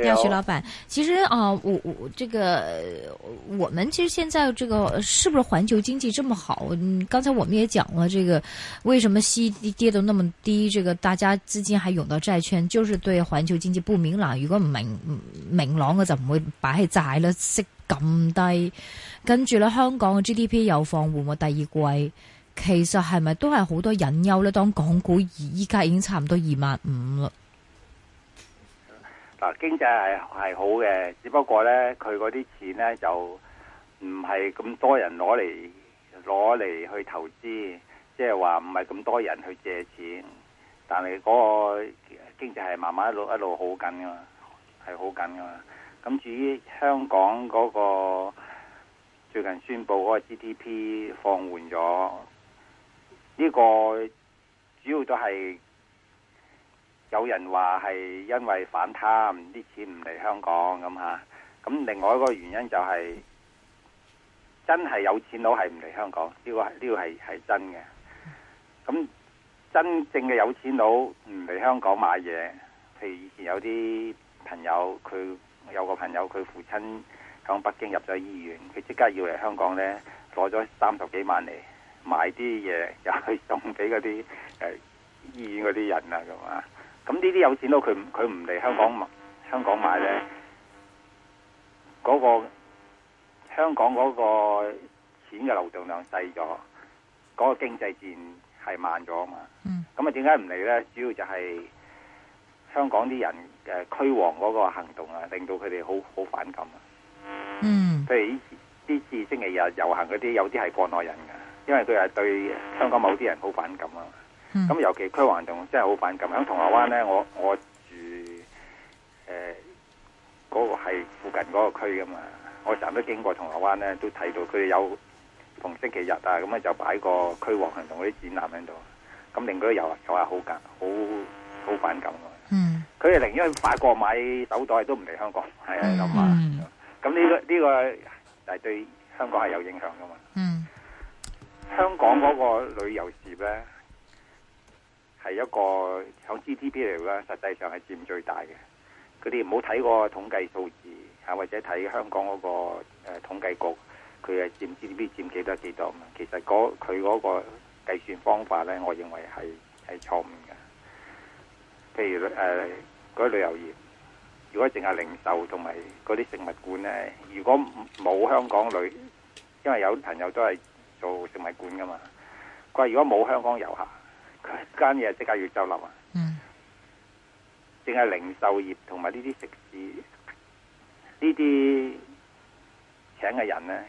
呀，yeah, 徐老闆，其實啊、呃，我我這個，我們其實現在這個是不是環球經濟這麼好？嗯、剛才我們也講咗，這個為什麼息跌跌到那麼低？這個大家資金還湧到債券，就是對環球經濟不明朗。如果唔明明朗嘅就唔會擺喺債啦，息咁低。跟住呢，香港嘅 GDP 又放緩喎，第二季其實係咪都係好多隱憂呢？當港股依家已經差唔多二萬五啊，經濟係係好嘅，只不過呢，佢嗰啲錢呢就唔係咁多人攞嚟攞嚟去投資，即係話唔係咁多人去借錢。但係嗰個經濟係慢慢一路一路好緊㗎嘛，係好緊㗎嘛。咁至於香港嗰個最近宣布嗰個 GDP 放緩咗，呢個主要都係。有人話係因為反貪，啲錢唔嚟香港咁嚇，咁另外一個原因就係真係有錢佬係唔嚟香港，呢個係呢個係係真嘅。咁真正嘅有錢佬唔嚟香港買嘢，譬如以前有啲朋友，佢有個朋友佢父親響北京入咗醫院，佢即刻要嚟香港呢，攞咗三十幾萬嚟買啲嘢，又去送俾嗰啲誒醫院嗰啲人啦，咁啊～咁呢啲有錢佬佢佢唔嚟香港買、嗰個、香港買呢嗰個香港嗰個錢嘅流動量細咗，嗰、嗰個經濟自然係慢咗啊嘛。咁啊點解唔嚟呢？主要就係香港啲人誒驅黃嗰個行動啊，令到佢哋好好反感啊。嗯，譬如呢次，呢次星期日遊行嗰啲，有啲係國內人噶，因為佢係對香港某啲人好反感啊。咁、嗯、尤其區黃行動真係好反感，喺銅鑼灣咧，我我住誒嗰、呃嗰個係附近嗰個區噶嘛，我成日都經過銅鑼灣咧，都睇到佢哋有逢星期日啊，咁啊就擺個區黃行動嗰啲展覽喺度，咁令佢又又係好緊，好好反感嘅。嗯，佢哋寧願去法國買手袋都唔嚟香港，係啊諗話，咁呢想、嗯呢個呢、呢個係對香港係有影響噶嘛？嗯，香港嗰個旅遊業咧。嗯係一個響 GDP 嚟講，實際上係佔最大嘅。佢哋唔好睇個統計數字，吓，或者睇香港嗰、那個誒、呃、統計局，佢係佔 GDP 佔幾多幾多？其實佢、那、嗰個計算方法咧，我認為係係錯誤嘅。譬如誒嗰、呃、旅遊業，如果淨係零售同埋嗰啲食物館咧，如果冇香港旅，因為有啲朋友都係做食物館噶嘛，佢話如果冇香港遊客。間嘢即刻越就樓啊，嗯，淨係零售業同埋呢啲食肆，呢啲請嘅人咧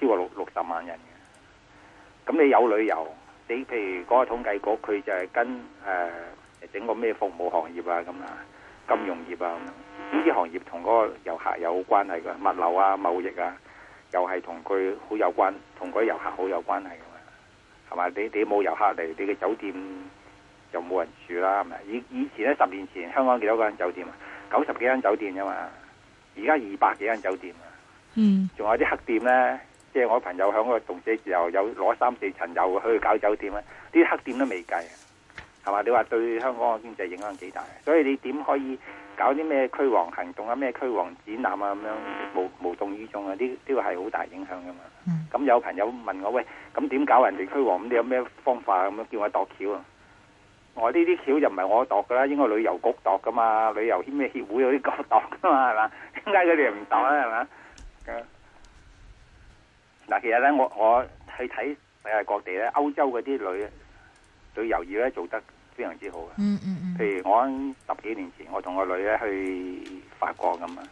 超過六六十萬人嘅。咁你有旅遊，你譬如嗰個統計局，佢就係跟誒、呃、整個咩服務行業啊，咁啊，金融業啊，呢啲行業同嗰個遊客有關係嘅，物流啊，貿易啊，又係同佢好有關，同嗰啲遊客好有關係。係嘛？你你冇遊客嚟，你嘅酒店就冇人住啦，係咪？以以前咧，十年前香港幾多間酒店啊？九十幾間酒店啫嘛，而家二百幾間酒店啊！嗯，仲有啲黑店咧，即係我朋友響個動姐之後有攞三四層又去搞酒店咧，呢啲黑店都未計啊！係嘛？你話對香港嘅經濟影響幾大？所以你點可以？搞啲咩驅王行動啊，咩驅王展覽啊，咁樣無無動於衷啊，呢啲係好大影響噶嘛。咁、嗯嗯、有朋友問我，喂，咁點搞人哋驅王？咁你有咩方法啊？咁樣叫我度橋啊？哦、我呢啲橋就唔係我度噶啦，應該旅遊局度噶嘛，旅遊協咩協會有啲度噶嘛，係嘛？點解佢哋唔度啊？係嘛？嗱，其實咧，我我去睇世界各地咧，歐洲嗰啲旅旅遊業咧做得非常之好啊、嗯。嗯嗯。譬如我十幾年前，我同個女咧去法國咁啊，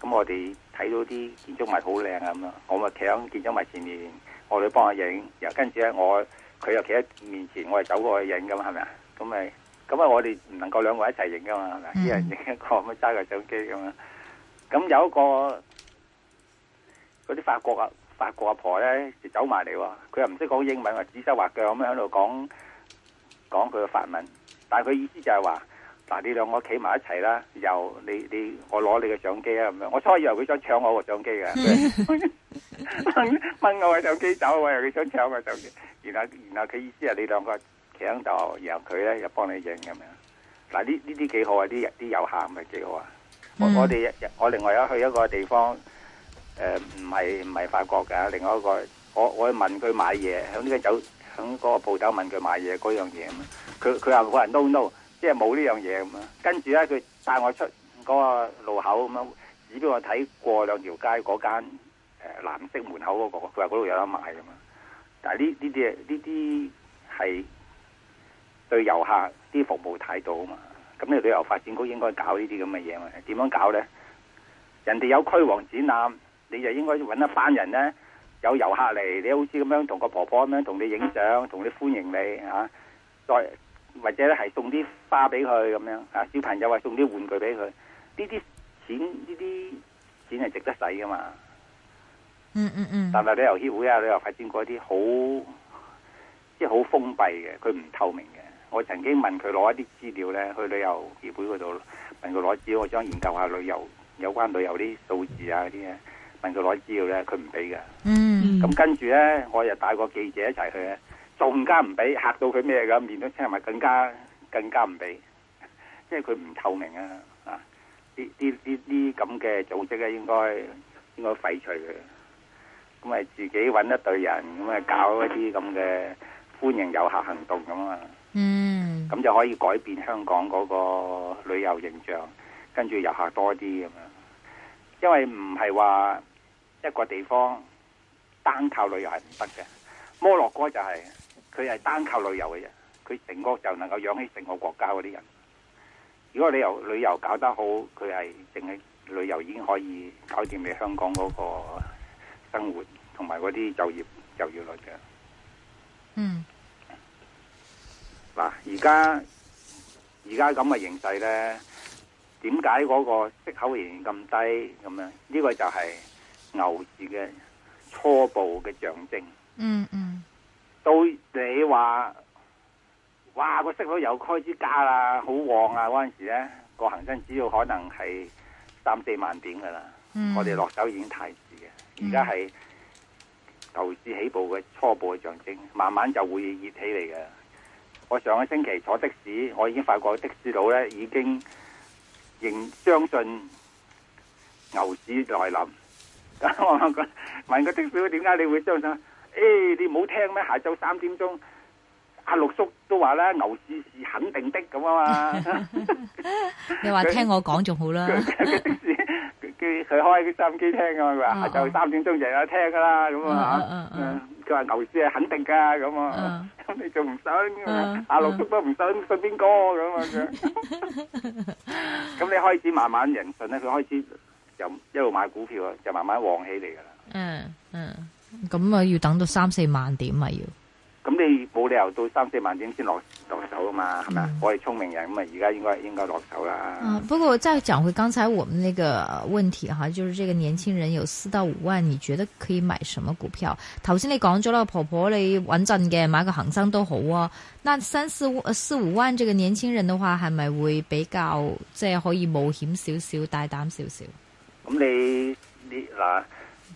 咁我哋睇到啲建築物好靚啊咁啊，我咪企喺建築物前面，我女幫我影，然後跟住咧我佢又企喺面前，我又走過去影咁啊，係咪啊？咁咪咁啊，我哋唔能夠兩個一齊影噶嘛？係咪？一人影一個咁啊，揸個相機咁啊。咁有一個嗰啲法國啊，法國阿婆咧就走埋嚟喎，佢又唔識講英文，話指手畫腳咁樣喺度講講佢嘅法文。但佢意思就係話，嗱你兩個企埋一齊啦，由你你我攞你嘅相機啊咁樣。我初以為佢想搶我個相機嘅，掹 我個相機走啊，我又佢想搶我相機。然後然後佢意思係你兩個企喺度，然後佢咧又幫你影咁樣。嗱呢呢啲幾好啊，啲啲遊客唔係幾好啊。我 我哋我另外一去一個地方，誒唔係唔係法國嘅，另外一個我我去問佢買嘢，響呢個酒，響嗰個鋪頭問佢買嘢嗰樣嘢咁。佢佢話冇人 no no，即係冇呢樣嘢咁啊！跟住咧，佢帶我出嗰個路口咁樣，指俾我睇過兩條街嗰間誒、呃、藍色門口嗰、嗰個，佢話嗰度有得賣啊嘛！但係呢呢啲誒呢啲係對遊客啲服務態度啊嘛！咁、嗯、你旅遊發展局應該搞呢啲咁嘅嘢嘛？點樣搞咧？人哋有區王展覽，你就應該揾一班人咧，有遊客嚟，你好似咁樣同個婆婆咁樣同你影相，同你歡迎你啊！再。或者咧，係送啲花俾佢咁樣，啊小朋友啊，送啲玩具俾佢，呢啲錢呢啲錢係值得使㗎嘛？嗯嗯嗯。嗯嗯但係旅遊協會啊，旅遊發展過一啲好即係好封閉嘅，佢唔透明嘅。我曾經問佢攞一啲資料咧，去旅遊協會嗰度問佢攞資料，我想研究下旅遊有關旅遊啲數字啊啲嘢，問佢攞資料咧，佢唔俾嘅。嗯。咁跟住咧，我又帶個記者一齊去咧。仲加唔俾，嚇到佢咩咁？面都青埋，更加更加唔俾，即係佢唔透明啊！啊，啲啲啲咁嘅組織咧，應該應該廢除佢。咁咪自己揾一隊人，咁咪搞一啲咁嘅歡迎遊客行動咁啊！嗯，咁就可以改變香港嗰個旅遊形象，跟住遊客多啲咁啊！因為唔係話一個地方單靠旅遊係唔得嘅，摩洛哥就係。佢係單靠旅遊嘅人，佢成個就能夠養起成個國家嗰啲人。如果你旅遊旅遊搞得好，佢係淨係旅遊已經可以搞掂你香港嗰個生活同埋嗰啲就業就業率嘅。嗯。嗱，而家而家咁嘅形勢咧，點解嗰個息口仍然咁低咁樣？呢個就係牛市嘅初步嘅象徵。嗯嗯。到你話，哇、個息率又開始加啦，好旺啊！嗰陣時咧，個恒生指數可能係三四萬點噶啦，mm. 我哋落手已經太遲嘅，而家係牛市起步嘅初步嘅象徵，慢慢就會熱起嚟嘅。我上個星期坐的士，我已經發覺的士佬咧已經仍相信牛市來臨。我 問個的士佬點解你會相信？誒，你唔好聽咩？下晝三點鐘，阿六叔都話啦，牛市是肯定的咁啊嘛。你話聽我講仲好啦。佢佢開啲收音機聽啊嘛，下晝三點鐘就有聽噶啦，咁啊吓。嗯嗯，佢話牛市係肯定噶，咁啊，咁你仲唔信？阿六叔都唔信，信邊個咁啊？咁你開始慢慢人信咧，佢開始又一路買股票啊，就慢慢旺起嚟噶啦。嗯嗯。咁啊，要等到三四萬點啊，要。咁你冇理由到三四萬點先落到手啊嘛，係咪，嗯？我係聰明人咁啊，而家應該應該落手啦。嗯、啊，不過再講回剛才我們那個問題哈，就是這個年輕人有四到五萬，你覺得可以買什麼股票？頭先你講咗啦，婆婆你穩陣嘅買個恒生都好啊。那三四四五萬，這個年輕人的話，係咪會比較即係、就是、可以冒險少少、大膽少少？咁你你嗱？啊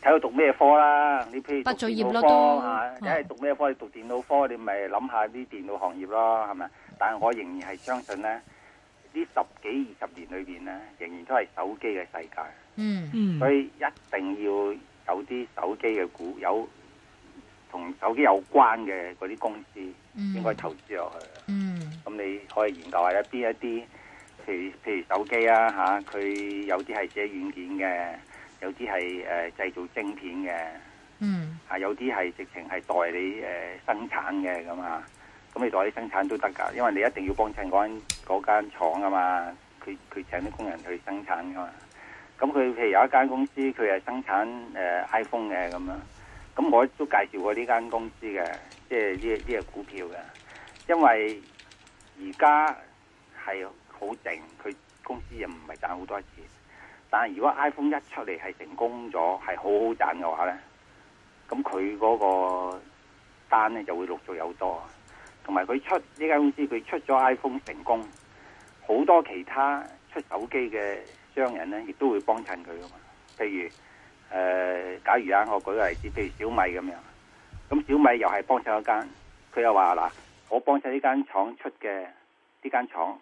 睇佢讀咩科啦？你譬如讀電腦科嚇，一係、嗯嗯、讀咩科？你讀電腦科，你咪諗下啲電腦行業咯，係咪？但係我仍然係相信咧，呢十幾二十年裏邊咧，仍然都係手機嘅世界。嗯嗯。嗯所以一定要有啲手機嘅股，有同手機有關嘅嗰啲公司，嗯、應該投資落去嗯。嗯。咁你可以研究一下一啲一啲，譬如譬如手機啊嚇，佢、啊、有啲係寫軟件嘅。有啲係誒製造晶片嘅，嗯、mm. 啊，嚇有啲係直情係代理誒、呃、生產嘅咁啊，咁你代理生產都得噶，因為你一定要幫襯嗰間嗰間廠啊嘛，佢佢請啲工人去生產噶嘛，咁佢譬如有一間公司佢係生產誒、呃、iPhone 嘅咁樣，咁我都介紹過呢間公司嘅，即係呢呢個股票嘅，因為而家係好靜，佢公司又唔係賺好多錢。但係如果 iPhone 一出嚟係成功咗，係好好賺嘅話呢，咁佢嗰個單呢就會陸續有多，同埋佢出呢間公司佢出咗 iPhone 成功，好多其他出手機嘅商人呢亦都會幫襯佢噶嘛。譬如誒、呃，假如啊，我舉個例子，譬如小米咁樣，咁小米又係幫襯一間，佢又話嗱，我幫襯呢間廠出嘅呢間廠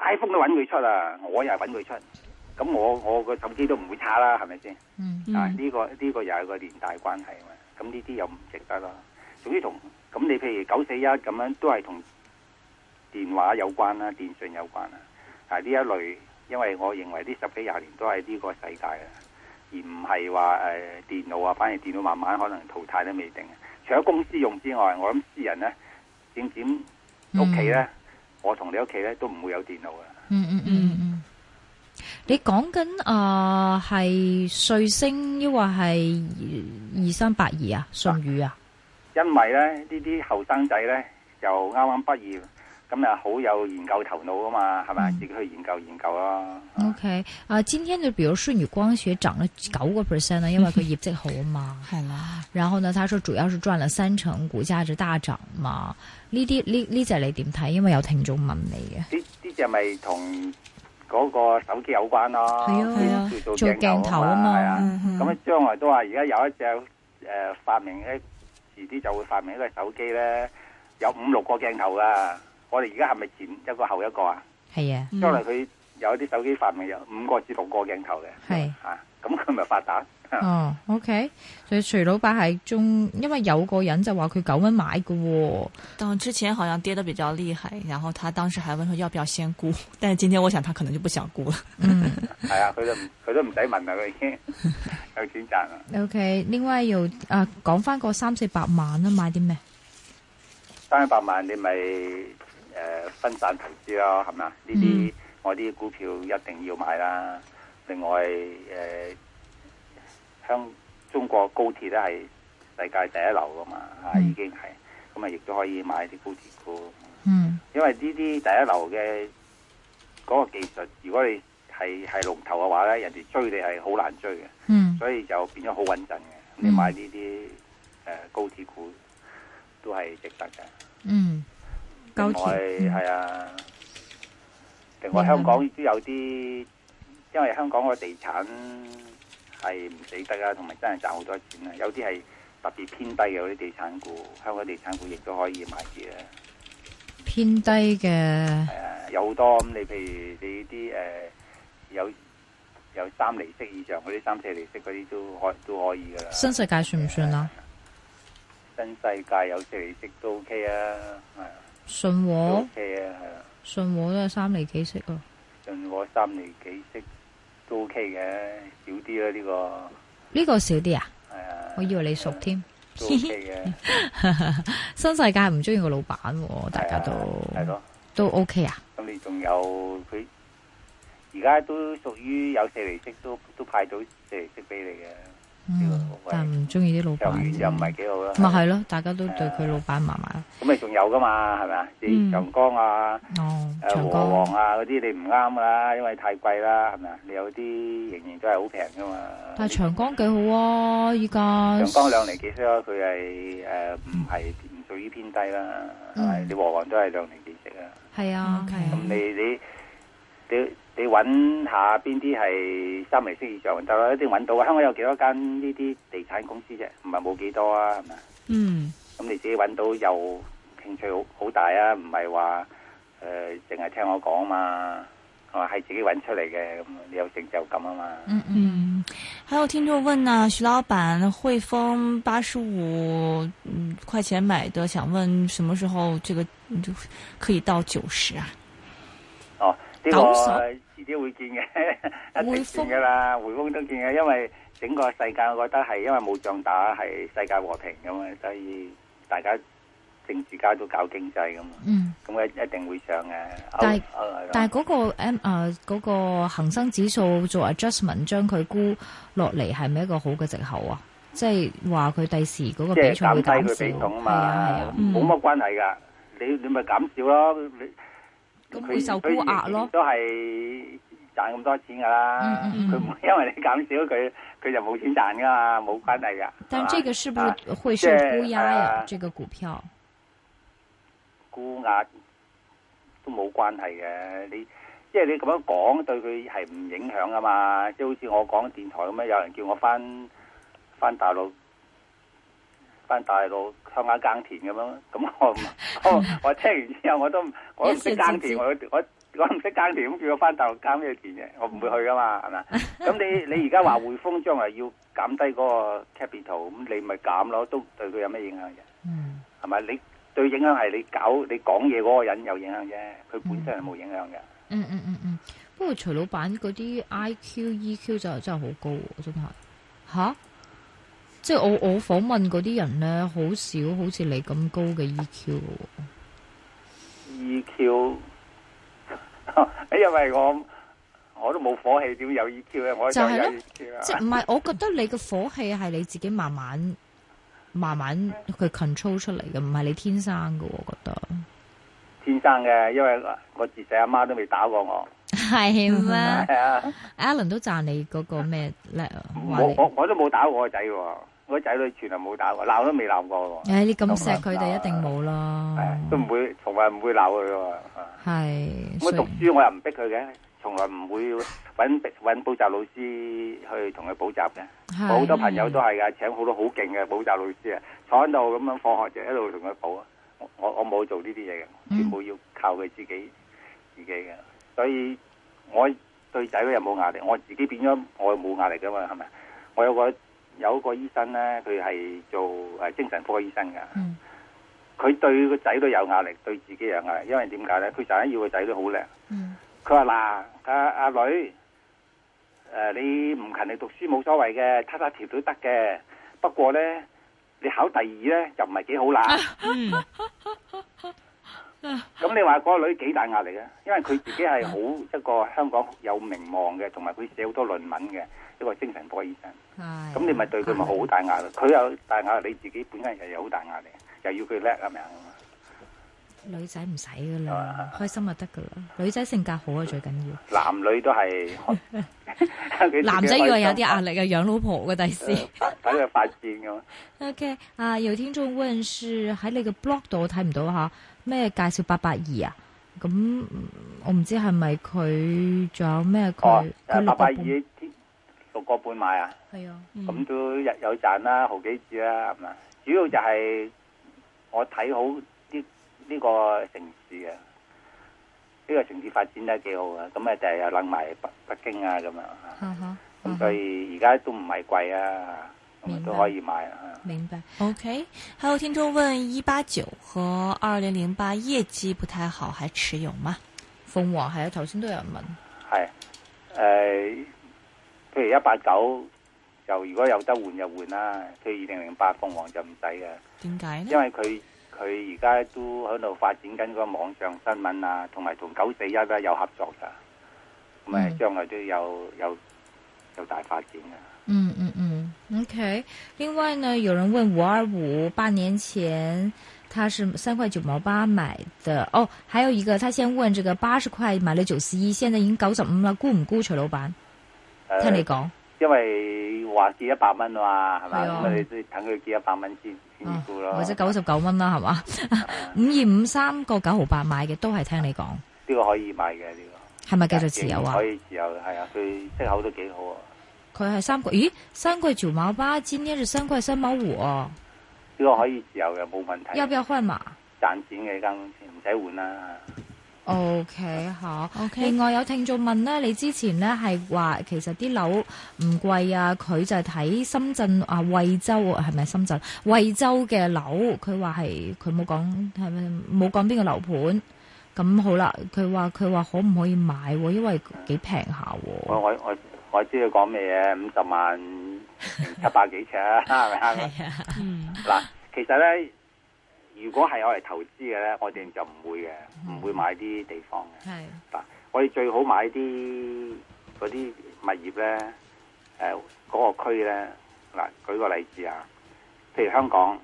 iPhone 都揾佢出啦，我又係揾佢出。咁我我個手機都唔會差啦，係咪先？嗯嗯、啊，呢、這個呢、這個又係個連帶關係嘛。咁呢啲又唔值得咯。總之同咁你譬如九四一咁樣都係同電話有關啦，電信有關啦。啊呢一類，因為我認為呢十幾廿年都係呢個世界啊，而唔係話誒電腦啊，反而電腦慢慢可能淘汰都未定。除咗公司用之外，我諗私人咧，點點屋企咧，嗯、我同你屋企咧都唔會有電腦啊。嗯嗯嗯嗯。嗯嗯。你講緊啊，係、呃、瑞星，抑或係二,二三八二啊，舜宇啊？因為咧，呢啲後生仔咧又啱啱畢業，咁啊好有研究頭腦啊嘛，係咪？嗯、自己去研究研究咯。OK，啊、呃，今天就比如舜宇光學漲咗九個 percent，因為佢業績好嘛，係啦。然後呢，他說主要是賺了三成，股價值大漲嘛。呢啲呢呢隻你點睇？因為有聽眾問你嘅。呢呢隻咪同？嗰個手機有關咯，叫、啊啊、做鏡頭啊嘛，咁啊、嗯嗯、將來都話而家有一隻誒、呃、發明咧遲啲就會發明，一個手機咧有五六個鏡頭噶，我哋而家係咪前一個後一個啊？係啊，將來佢有啲手機發明有五個至六個鏡頭嘅，係、嗯、啊，咁佢咪發達。哦，OK，所以徐老闆係中，因為有個人就話佢九蚊買嘅、哦，但之前好像跌得比較厲害，然後他當時還問佢要不要先沽，但係今天我想他可能就不想沽啦。嗯，係 啊，佢都佢都唔使問啦，佢已經有錢賺啦。 OK，另外又啊，講翻個三四百萬啊，買啲咩？三四百萬你咪誒分散投資咯，係咪、嗯？呢啲我啲股票一定要買啦，另外誒。呃香中國高鐵咧係世界第一流噶嘛，嚇、嗯啊，已經係咁啊，亦都可以買啲高鐵股。嗯，因為呢啲第一流嘅嗰個技術，如果你係係龍頭嘅話咧，人哋追你係好難追嘅。嗯，所以就變咗好穩陣嘅。嗯、你買呢啲誒高鐵股都係值得嘅。嗯，高鐵係另外、嗯、啊，另外香港亦都有啲，因為香港個地產。係唔死得啊，同埋真係賺好多錢啊！有啲係特別偏低嘅嗰啲地產股，香港地產股亦、呃、都可以買嘅。偏低嘅，有好多咁。你譬如你啲誒有有三厘息以上嗰啲，三四厘息嗰啲都可都可以噶啦。新世界算唔算啊？新世界有四厘息都 OK 啊，係啊。信和 OK 啊，信和都係三厘幾息咯。信和三厘幾息。都 OK 嘅，少啲啦呢個。呢個少啲啊？係啊，我以為你熟添、啊。都 OK 嘅， 新世界唔中意個老闆、啊，大家都係咯，啊、都 OK 啊。咁你仲有佢？而家都屬於有四厘息，都都派到四厘息俾你嘅。但唔中意啲老闆，又唔係幾好啦。咪係咯，大家都對佢老闆麻麻。咁你仲有噶嘛？係咪啊？你長江啊，哦，長江和黃啊嗰啲你唔啱啦，因為太貴啦，係咪啊？你有啲仍然都係好平噶嘛。但係長江幾好啊！依家長江兩釐幾息咯，佢係誒唔係唔屬於偏低啦。係咪？你和黃都係兩釐幾息啊？係啊，咁你你對？你揾下邊啲係三厘息以上就一定揾到，香港有幾多間呢啲地產公司啫，唔係冇幾多啊，係咪？嗯。咁、嗯、你自己揾到又興趣好好大啊，唔係話誒淨係聽我講嘛，係、啊、係自己揾出嚟嘅，咁你有成就感啊嘛。嗯嗯。還有聽眾問啊，徐老闆，匯豐八十五嗯塊錢買嘅，想問什麼時候這個就可以到九十啊？哦，呢、這個。會見嘅，匯豐噶啦，匯豐都見嘅，因為整個世界我覺得係因為冇仗打，係世界和平咁嘛，所以大家政治家都搞經濟咁嘛，嗯，咁一一定會上嘅。但係但係嗰個誒誒嗰個恒生指數做 adjustment，將佢估落嚟係咪一個好嘅借口啊？即係話佢第時嗰個比重會減少，係啊係啊，冇乜關係噶，你你咪減少咯，你。佢受沽壓咯，都係賺咁多錢噶啦。佢唔會、嗯嗯嗯、因為你減少佢，佢就冇錢賺噶嘛，冇關係噶。但係呢個是不是會受沽壓呀？啊、這個股票沽、啊、壓都冇關係嘅，你即係你咁樣講對佢係唔影響噶嘛。即係好似我講電台咁樣，有人叫我返返大陸。翻大陸鄉下耕田咁樣，咁我我，我聽完之後，我都我都唔識耕田，我我我唔識耕田，咁叫我翻大陸耕咩田嘅？我唔會去噶嘛，係咪？咁 你你而家話匯豐將來要減低嗰個 capital，咁你咪減咯，都對佢有咩影響嘅？嗯，係咪？你對影響係你搞你講嘢嗰個人有影響啫，佢本身係冇影響嘅。嗯，嗯嗯嗯嗯，不過徐老闆嗰啲 IQ EQ 就真係好高，真係吓。即係我我訪問嗰啲人咧，好少好似你咁高嘅、e、EQ。 EQ，因為我我都冇火氣，點有 EQ 啊、e？我就係咯， 即係唔係？我覺得你嘅火氣係你自己慢慢 慢慢去 control 出嚟嘅，唔係你天生嘅。我覺得天生嘅，因為我自細阿媽都未打過我。係咩？Allen 都讚你嗰個咩咧？我我我都冇打我仔喎。我仔女全係冇打，鬧都未鬧過。誒，你咁錫佢哋一定冇咯。都唔會，從來唔會鬧佢喎。係是。我、啊、讀書我又唔逼佢嘅，從來唔會搵搵補習老師去同佢補習嘅。是我好多朋友都係噶，是請好多好勁嘅補習老師啊，坐喺度咁樣放學就一路同佢補。我我冇做呢啲嘢嘅，全部要靠佢自己、嗯、自己嘅。所以我對仔女又冇壓力，我自己變咗我又冇壓力噶嘛，係咪？我有個。有個醫生呢，佢係做誒精神科醫生噶，佢對個仔都有壓力，對自己有壓力。因為點解呢？佢成日要個仔都好叻。佢話嗱，阿、啊、女，呃、你唔勤力讀書冇所謂嘅，攤攤條都得嘅。不過呢，你考第二呢，就唔係幾好啦。咁、啊嗯、你話個女幾大壓力咧、啊？因為佢自己係好一個香港有名望嘅，同埋佢寫好多論文嘅一個精神科醫生。咁、哎、你咪對佢咪好大壓力？佢力有大壓力，你自己本身又有好大壓力，又要佢叻㗎嘛。女仔唔使噶啦，啊、開心就得噶啦。女仔性格好啊，最緊要。男女都係。 男仔以為有啲壓力嘅，養老婆嘅第時。睇佢發展咁。O K，啊，有聽眾問，是喺你個 blog 度睇唔到吓，咩介紹八八二啊？咁、啊啊嗯、我唔知係咪佢仲有咩佢？八八二。個半買啊，啊、哦，咁、嗯、都日有賺啦、啊，好幾次啦、啊，係嘛？主要就係我睇好啲呢、這個城市啊，呢、這個城市發展得幾好啊，咁啊，就係又諗埋北北京啊，咁樣咁、啊啊、所以而家都唔係貴啊，咁白都可以買啊。明白。明白。OK，還有聽眾問：一八九和二零零八業績不太好，還持有嗎？鳳凰係啊，頭先都有問。係，誒、呃。譬如一八九，就如果有得換就換啦。譬如二零零八鳳凰就唔使啊。點解？因為佢佢而家都喺度發展緊個網上新聞啊，同埋同九四一咧有合作噶，咁啊將來都有、嗯、有有，有大發展噶、嗯。嗯嗯嗯，OK。另外呢，有人問五二五八年前他是三塊九毛八買的，哦，還有一個他先問這個八十塊買了九十一，現在已經九十五啦？估唔估，徐老闆？聽你講，因為還借一百蚊啊嘛，係咪？咁、啊、你咪等佢借一百蚊先先估咯。或者九十九蚊啦，係嘛，五二五三個九毫八買嘅都係聽你講。呢個可以買嘅呢、這個。係咪繼續持有啊？可以持有，係啊，佢息口都幾好啊。佢係三個，咦，三個九毛八，今天是三個三毛五啊。呢、嗯這個可以持有嘅，冇問題。要不要換碼？賺錢嘅間唔使換啦。O K，吓，O K。Okay, huh. Okay. 另外有聽眾問咧，你之前咧係話其實啲樓唔貴啊，佢就係睇深圳啊惠州係咪深圳惠州嘅樓？佢話係佢冇講係咪冇講邊個樓盤？咁好啦，佢話佢話可唔可以買、啊？因為幾平下。我我我我知佢講咩嘢，五十萬 七百幾尺係咪 啊，咪嗱、 嗯，其實咧。如果係我嚟投資嘅咧，我哋就唔會嘅，唔、mm hmm. 會買啲地方嘅。係嗱、mm hmm.，我哋最好買啲嗰啲物業咧，誒、呃、嗰、那個區咧。嗱，舉個例子啊，譬如香港，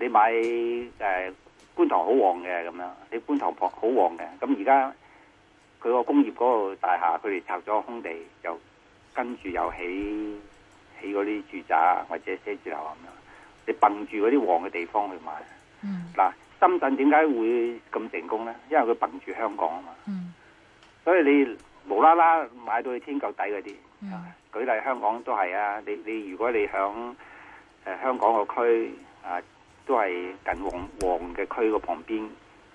你買誒、呃、觀塘好旺嘅咁樣，你觀塘好旺嘅，咁而家佢個工業嗰個大廈，佢哋拆咗空地，就跟住又起起嗰啲住宅或者寫字樓咁樣。你笨住嗰啲旺嘅地方去買，嗱、嗯啊、深圳點解會咁成功咧？因為佢笨住香港啊嘛，嗯、所以你無啦啦買到去天腳底嗰啲，嗯、舉例香港都係啊！你你如果你響誒香港個區啊，都係近旺旺嘅區個旁邊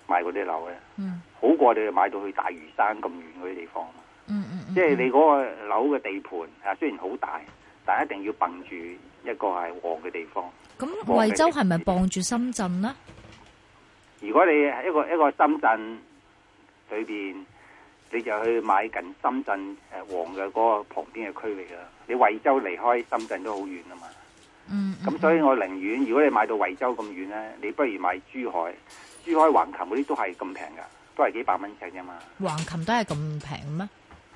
買嗰啲樓咧，嗯、好過你買到去大嶼山咁遠嗰啲地方。嗯嗯，即、嗯、係、嗯、你嗰個樓嘅地盤啊，雖然好大，但係一定要笨住一個係旺嘅地方。咁惠州係咪傍住深圳呢？如果你一個一個深圳裏邊，你就去買近深圳誒黃嘅嗰個旁邊嘅區域啦。你惠州離開深圳都好遠啊嘛嗯。嗯。咁、嗯、所以我寧願如果你買到惠州咁遠呢，你不如買珠海，珠海橫琴嗰啲都係咁平噶，都係幾百蚊尺啫嘛。橫琴都係咁平咩？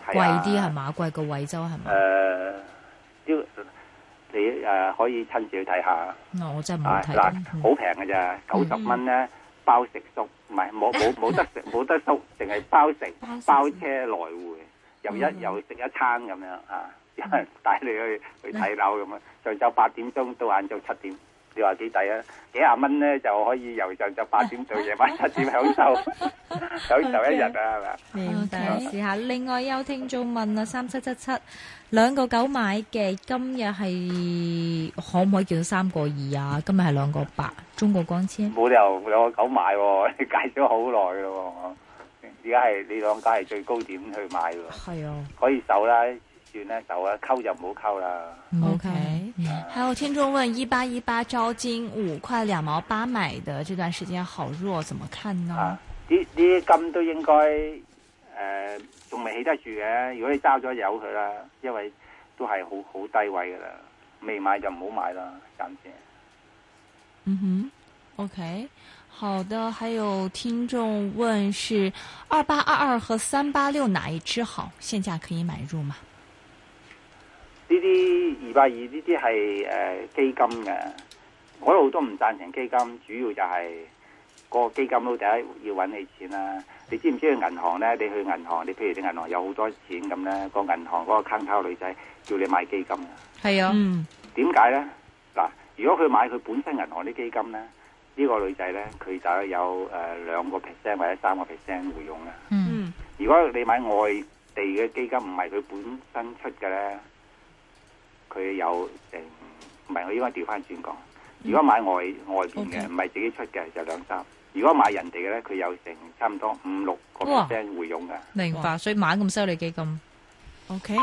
貴啲係嘛？貴過惠州係咪？誒，要。你誒可以親自去睇下，我真係，嗱，好平㗎咋，九十蚊咧包食宿，唔係冇冇冇得食冇得宿，淨係包食包車來回，又一又食一餐咁樣啊，帶你去去睇樓咁樣啊，上晝八點鐘到晏晝七點，你話幾抵啊？幾廿蚊咧就可以由上晝八點到夜晚七點享受享受一日啊，係咪？嗯，大家試下。另外有聽眾問啊，三七七七。兩個九買嘅，今日係可唔可以叫到三個二啊？今日係兩個八，中國光纖冇理由兩個九買、哦，介咗好耐嘅，而家係你兩家係最高點去買嘅，係啊、哦，可以走啦，算手啦，走啦，溝就唔好溝啦。OK，、嗯、還有聽眾問18 18：一八一八招金五塊兩毛八買嘅呢段時間好弱，怎麼看呢？呢啲、啊、金都應該。誒，仲未、呃、起得住嘅，如果你揸咗有佢啦，因為都係好好低位噶啦，未買就唔好買啦，暫時。嗯哼，OK，好的。還有聽眾問是二八二二和三八六哪一支好？現價可以買入嗎？呢啲二百二呢啲係誒基金嘅，我好多唔贊成基金，主要就係、是。個基金都第一要搵你錢啦、啊，你知唔知去銀行咧？你去銀行，你譬如你銀行有好多錢咁咧，個銀行嗰個坑套女仔叫你買基金嘅，係啊，點解咧？嗱，如果佢買佢本身銀行啲基金咧，呢、這個女仔咧佢就有誒兩個 percent 或者三個 percent 回佣。啊。嗯，如果你買外地嘅基金唔係佢本身出嘅咧，佢有誒唔係我應該調翻轉講，如果買外外邊嘅唔係自己出嘅就兩、是、三。如果買人哋嘅咧，佢有成差唔多五六個 percent 回佣㗎，明白，所以猛咁 sell 你基金，OK。